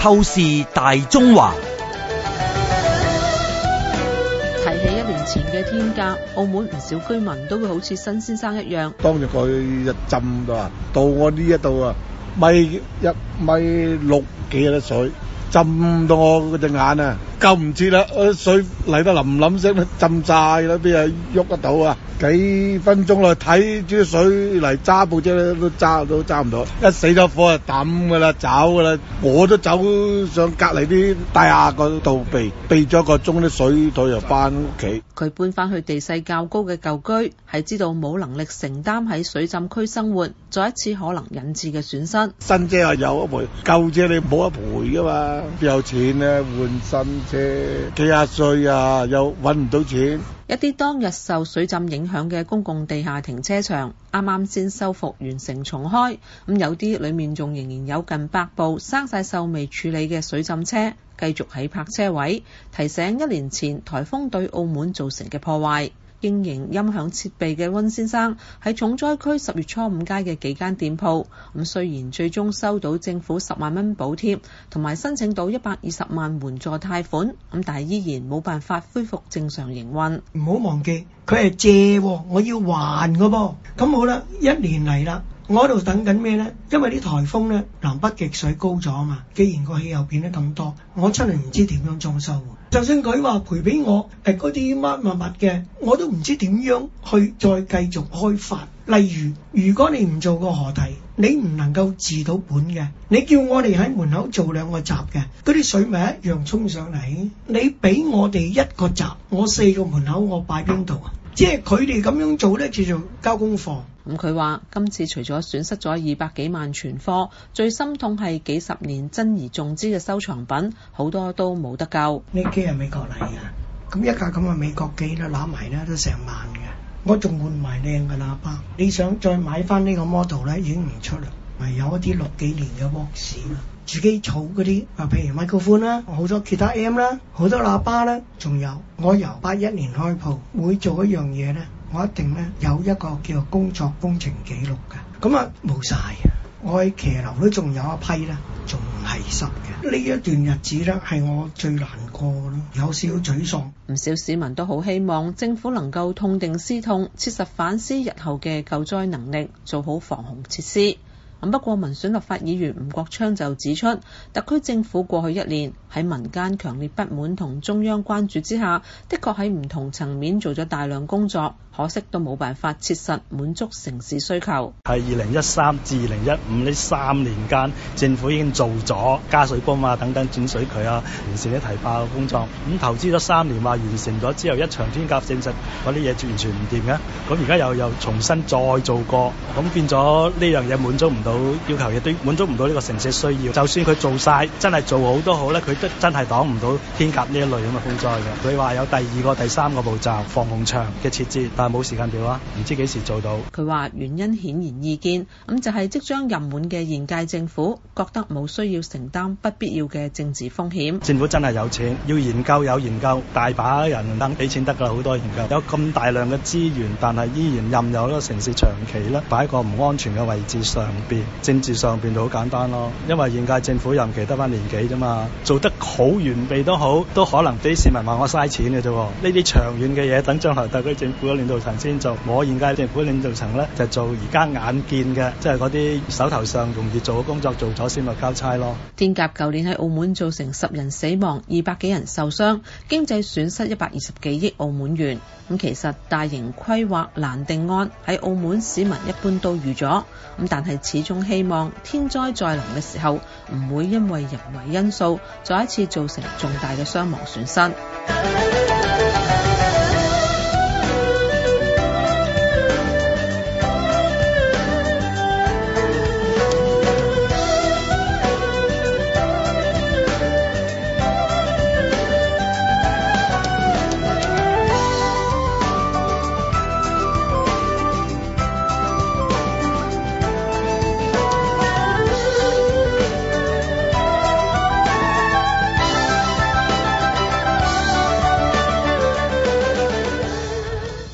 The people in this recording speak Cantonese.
透視大中華，提起一年前嘅天鴿，澳門唔少居民都會好似新先生一樣。當日佢一浸到啊，到我呢一度啊，米一米六幾嘅水，浸到我嗰隻眼啊。救唔切啦！嗰啲水嚟得淋淋聲咧，浸晒啦，邊有喐得到啊？幾分鐘啦，睇住啲水嚟揸部車咧，都揸都，揸唔到。一死咗火就抌噶啦，走噶啦。我都走上隔籬啲大廈嗰度避，避咗個鐘啲水退又翻屋企。佢搬翻去地勢較高嘅舊居，係知道冇能力承擔喺水浸區生活，再一次可能引致嘅損失。新姐係有得賠，舊姐你冇得賠噶嘛？邊有錢咧換新？幾廿歲啊，又揾唔到錢。一啲當日受水浸影響嘅公共地下停車場，啱啱先修復完成重開，咁有啲裏面仲仍然有近百部生晒銹未處理嘅水浸車，繼續喺泊車位，提醒一年前台風對澳門造成嘅破壞。經營音響設備嘅溫先生喺重災區十月初五街嘅幾間店鋪咁雖然最終收到政府十萬蚊補貼，同埋申請到一百二十萬援助貸款，咁但係依然冇辦法恢復正常營運。唔好忘記，佢係借，我要還噶噃。咁好啦，一年嚟啦。我喺度等緊咩呢？因為啲颱風呢，南北極水高咗啊嘛！既然個氣候變得咁多，我真係唔知點樣裝修。 就算佢話賠俾我誒嗰啲乜乜乜嘅，我都唔知點樣去再繼續開發。例如，如果你唔做個河堤，你唔能夠治到本嘅，你叫我哋喺門口做兩個閘嘅，嗰啲水咪一樣沖上嚟。你俾我哋一個閘，我四個門口我擺邊度啊？ 即係佢哋咁樣做咧，叫做交功課。咁佢話：今次除咗損失咗二百幾萬存貨，最心痛係幾十年珍而重之嘅收藏品，好多都冇得救。呢機係美國嚟㗎，咁一架咁嘅美國機都攬埋咧，都成萬㗎。我仲換埋靚嘅喇叭，你想再買翻呢個 model 咧，已經唔出啦，咪有一啲六幾年嘅歷史啦。自己儲嗰啲啊，譬如麥高歡啦，好多其他 M 啦，好多喇叭啦，仲有我由八一年開鋪，每做一樣嘢咧，我一定咧有一個叫做工作工程記錄嘅。咁啊冇曬，我喺騎樓都仲有一批咧，仲係濕嘅。呢一段日子咧係我最難過咯，有少少沮喪。唔少市民都好希望政府能夠痛定思痛，切實反思日後嘅救災能力，做好防洪設施。咁，不過民選立法議員吳國昌就指出，特區政府過去一年，喺民間強烈不滿同中央關注之下，的確喺唔同層面做咗大量工作，可惜都冇辦法切實滿足城市需求。喺二零一三至二零一五呢三年間，政府已經做咗加水泵啊、等等轉水渠啊、完善啲堤壩嘅工作。咁投資咗三年話完成咗，之後一場天鴿證實，嗰啲嘢完全唔掂嘅。咁而家又又重新再做過，咁變咗呢樣嘢滿足唔到要求，亦都滿足唔到呢個城市需要。就算佢做晒，真係做好都好咧，佢真係擋唔到天鴿呢一類咁嘅風災嘅。佢話有第二個、第三個步驟，防洪牆嘅設置，但係冇時間表啊，唔知幾時做到。佢話原因顯然易見，咁就係即將任滿嘅現屆政府覺得冇需要承擔不必要嘅政治風險，政府真係有錢要研究有研究，大把人能俾錢得噶啦，好多研究。有咁大量嘅資源，但係依然任由呢個城市長期咧擺一個唔安全嘅位置上邊。政治上邊就好簡單咯，因為現屆政府任期得翻年幾啫嘛，做得。好完備都好，都可能畀市民話我嘥錢嘅啫。呢啲長遠嘅嘢，等將來特區政府嘅領導層先做。我現屆政府領導層咧，就做而家眼見嘅，即係嗰啲手頭上容易做嘅工作做咗先，咪交差咯。天鴿舊年喺澳門造成十人死亡，二百幾人受傷，經濟損失一百二十幾億澳門元。咁其實大型規劃難定案，喺澳門市民一般都預咗。咁但係始終希望天災再臨嘅時候，唔會因為人為因素再一次造成重大嘅傷亡損失。